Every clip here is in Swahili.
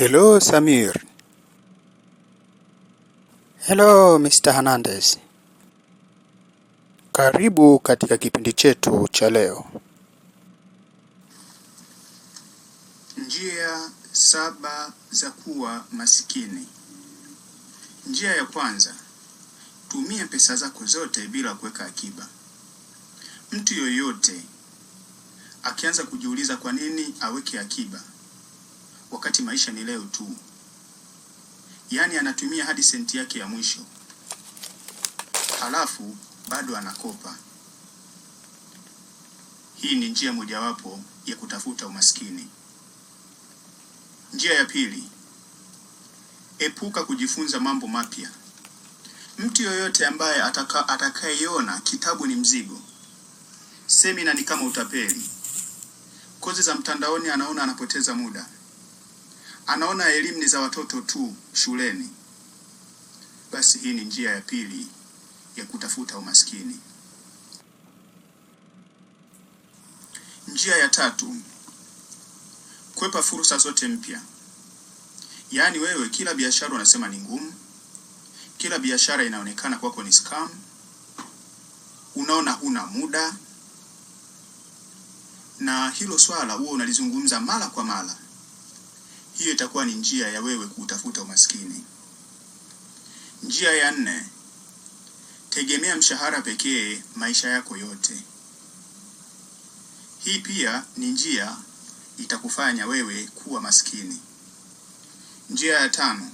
Hello Samir. Hello Mr. Hernandez. Karibu katika kipindi chetu cha leo. Njia saba za kuwa masikini. Njia ya kwanza, tumia pesa zako zote bila kuweka akiba. Mtu yoyote akianza kujiuliza kwa nini aweke akiba wakati maisha ni leo tu. Yaani anatumia hadi senti yake ya mwisho, halafu bado anakopa. Hii ni njia mojawapo ya kutafuta umaskini. Njia ya pili, epuka kujifunza mambo mapya. Mtu yoyote ambaye ataka atakayeona kitabu ni mzigo, semina ni kama utapeli, kozi za mtandaoni, anaona anapoteza muda anaona elimu ni za watoto tu shuleni, basi hii ni njia ya pili ya kutafuta umaskini. Njia ya tatu, kwepa fursa zote mpya. Yaani wewe kila biashara unasema ni ngumu, kila biashara inaonekana kwako ni scam, unaona huna muda, na hilo swala huwa unalizungumza mara kwa mara hiyo itakuwa ni njia ya wewe kuutafuta umaskini. Njia ya nne, tegemea mshahara pekee maisha yako yote. Hii pia ni njia itakufanya wewe kuwa maskini. Njia ya tano,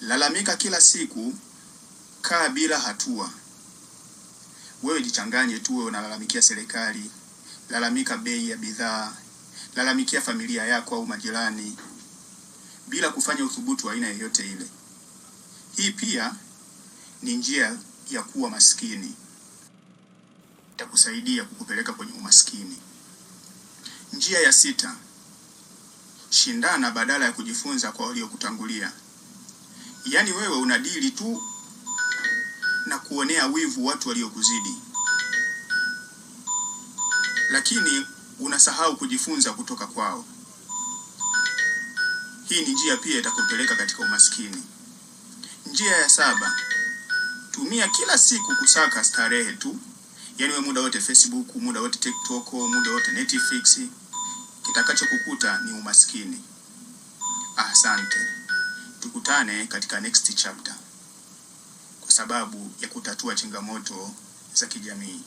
lalamika kila siku, kaa bila hatua. Wewe jichanganye tu, wewe unalalamikia serikali, lalamika bei ya bidhaa, lalamikia familia yako au majirani bila kufanya uthubutu wa aina yoyote ile. Hii pia ni njia ya kuwa maskini, itakusaidia kukupeleka kwenye umaskini. Njia ya sita, shindana badala ya kujifunza kwa waliokutangulia. Yaani wewe unadili tu na kuonea wivu watu waliokuzidi, lakini unasahau kujifunza kutoka kwao. Hii ni njia pia itakupeleka katika umaskini. Njia ya saba, tumia kila siku kusaka starehe tu, yaani we muda wote Facebook, muda wote TikTok, muda wote Netflix. Kitakachokukuta ni umaskini. Asante, tukutane katika next chapter kwa sababu ya kutatua changamoto za kijamii.